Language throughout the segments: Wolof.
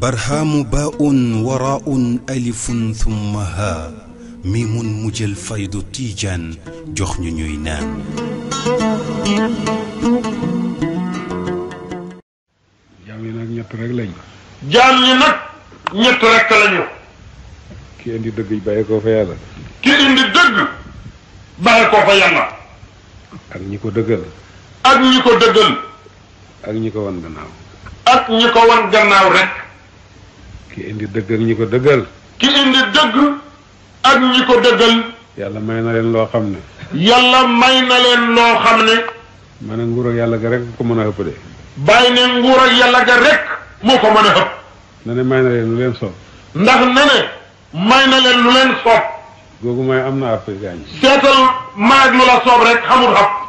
barhaamu baa'un waraa'un alifun thumma haa miimun mu jël faydu tiijaan jox ñu ñuy naan. jaam yi nag ñett rek lañu. jaam yi nag ñett rek lañu. ki indi dëgg bàyyi koo fa yàlla. ki indi dëgg bàyyi koo fa yàlla. ak ñi ko dëggal. ak ñi ko dëggal. ak ñi ko wan gannaaw. ak ñi ko wan gannaaw rek. ki indi dëgg ak ñi ko dëggal. ki indi dëgg ak ñi ko dëggal. yàlla may na leen loo xam ne. yàlla may na leen loo xam ne. ma ne nguur ak yàlla ga rek ko mën a ëpp de. bàyyi ne nguur ko mën a ëpp. na ne may na leen lu leen soob. ndax na may na leen lu leen soob. googu may am na affaire gaañ. seetal maag lu la soob rek xamul xam.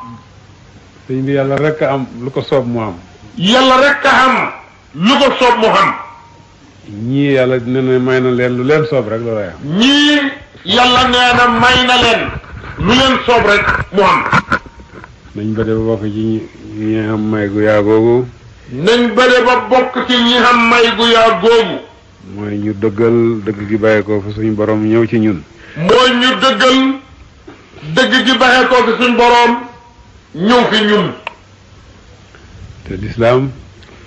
sëñ bi yàlla rek am lu ko soob mu am. yàlla rek am lu ko soob mu am. ñii yàlla nee na may na leen lu leen soob rek loolay am. ñii yàlla nee na may na leen lu leen soob rek mu am. nañ bëri ba bokk ci ñi am may gu yaa googu. nañ bëri ba bokk ci ñi am may gu yaa googu. mooy ñu dëggal dëgg gi bàyyeekoo fa suñu borom ñëw ci ñun. mooy ñu dëggal dëgg gi bàyyeekoo fi suñu borom. ñëw fi ñun te lislaam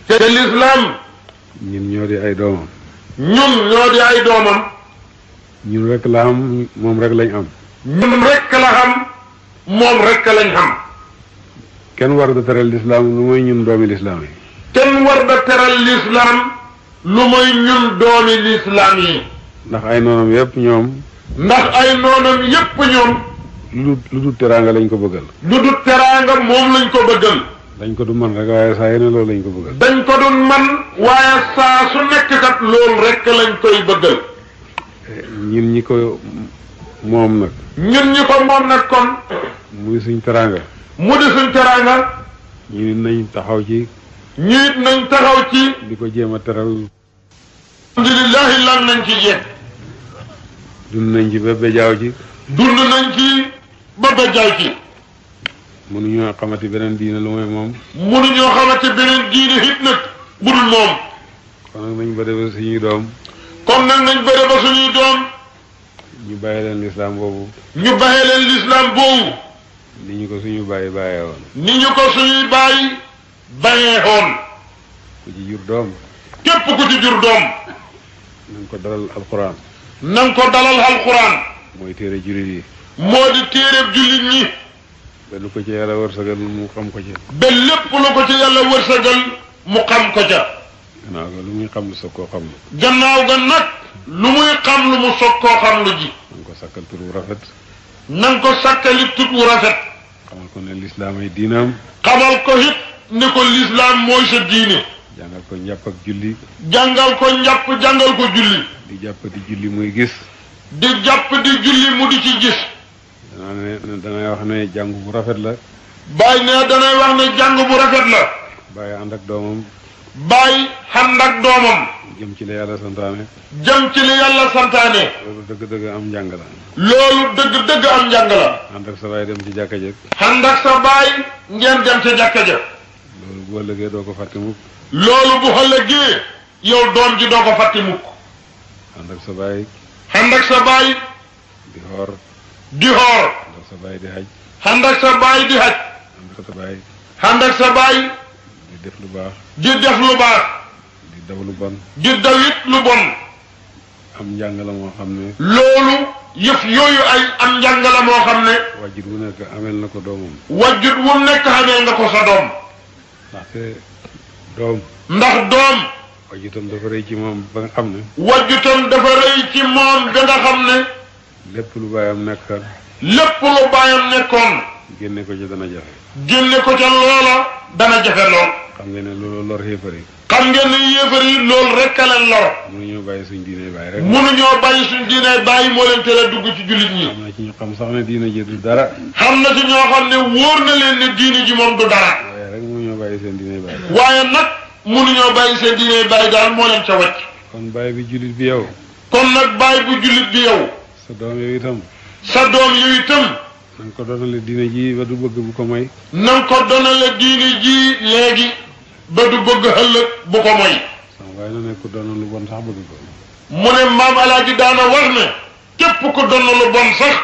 te lislaam ñun ñoo di ay doomam ñun ñoo di ay doomam ñun rek la am moom rek lañ am ñun rek la xam moom rek lañ xam kenn war da teral lislaam lu mooy ñun doomi lislaam yi kenn war da teral lislaam lu mooy ñun doomi lislaam yi ndax ay noonam yépp ñoom ndax ay noonam yépp ñoom lu lu dul teraanga lañ ko bëggal. lu dul teraanga moom lañ ko bëggal. dañ ko du man rek waaye saa yeneen loolu lañ ko bëggal. dañ ko du man waaye saa su nekk kat loolu rek lañ koy bëggal. Eh, ñun ñi ko moom nag. ñun ñi ko moom nag kon. muy suñ teraanga. mu di suñ teraanga. ñu nañ taxaw ci. ñu it nañ taxaw ci. di ko jéem a teral. alhamdulilah lan nañ ci jéem. dund nañ ci ba bejaaw ci. dund nañ ci. ba ba jaay ci mënuñoo xamati beneen diine lu mooy moom mënuñoo xamati beneen diine it nag budul moom kon nag nañ bëre ba suñuy doom kon nag nañ bëre ñu bàyyi leen lislaam boobu ñu bàyyi leen lislaam boobu ni ñu ko suñu bàyyi bàyyee ni ko suñuy bàyyi bàyyee woon ku ci jur doom képp ku ci jur doom na ko dalal alquran na nga ko dalal alquran mooy téere jurit yi moo di téereb jullit ñi. ba lu ko ci yàlla wërsëgal mu xam ko ca. ba lépp lu ko ci yàlla wërsëgal mu xam ko ca. gannaaw ga lu muy xam lu soog koo xam. gannaaw ga nag lu muy xam lu mu soog koo xam lu ji. na ko sàkkal tur wu rafet. na ko sàkkali tur wu rafet. xamal ko ne lislaam ay diinaam. xamal ko it ne ko lislaam mooy sa diine. jàngal ko njàpp ak julli. jàngal ko njàpp jàngal ko julli. di jàpp di julli muy gis. di jàpp di julli mu di ci gis. dana ne danay wax ne jàng bu rafet la bàyyi ne danay wax ne jàng bu rafet la bàyyi ànd ak doomam bàyyi ànd doomam jëm ci li yàlla santaane jëm ci li yàlla santaane loolu dëgg-dëgg am njàng la loolu sa baay dem ci jàkka ja ànd sa baay ngeen dem ci jàkka ja loolu bu ëllëgee doo ko doom ji doo ko fàtte mukk ànd sa baay ànd sa baay di xoor di xoor. ànd ak sa baay di xaj. ànd ak sa baay di sa baay. ànd ak sa baay. di def lu baax. di def lu baax. di daw lu bon. di daw lu bon. am njàngala moo xam ne. loolu yëf yooyu ay am njàngala moo xam ne. wajjut wu nekk ameel na ko doomam. wajjut wu nekk nga ko sa doom. ndaxte doom. ndax doom. wajjutam dafa rëy ci moom ba nga xam ne. wajjutam dafa rëy ci moom ba nga xam ne. lépp lu baayam nekkoon. lépp lu baayam nekkoon. génne ko ca dana jafe. génne ko ca loola dana jafe lool. xam ngeen ne loolu lor yéefar yi. xam ngeen ne yéefar yi loolu rek a leen lor. mënuñoo bàyyi suñ diinay bàyyi rek. mënuñoo bàyyi suñ diinay bàyyi moo leen teel a dugg ci jullit ñi. xam na ci ñu xam sax ne diina ji du dara. xam na ci ñoo xam ne wóor na leen ne diina ji moom du dara. waaye rek mënuñoo bàyyi seen diinay bàyyi. waaye nag mënuñoo bàyyi seen diinay bàyyi daal moo leen ca wàcc. kon bàyyi bi jullit bi yow. kon nag bàyyi bu jullit bi sa doom yooyu itam. sa doom yooyu itam. na nga ko donale diine ji ba ko moy. na ko donale diine ji léegi ba du bëgg ëllëg bu ko moy. waaye na ne ku doon lu bon sax bëgg ko. mu ne maam alaaji daana war ne képp ku doon lu bon sax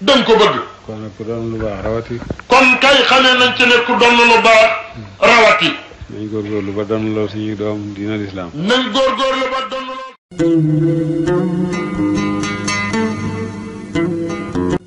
dañ ko bëgg. ko nag ku doon lu baax rawati. kon kay xamee nañ ci ne ku doon lu baax rawati. nañ góorgóorlu ba doon loo suñuy doom diina lislaam. nañ góorgóorlu ba doon loo.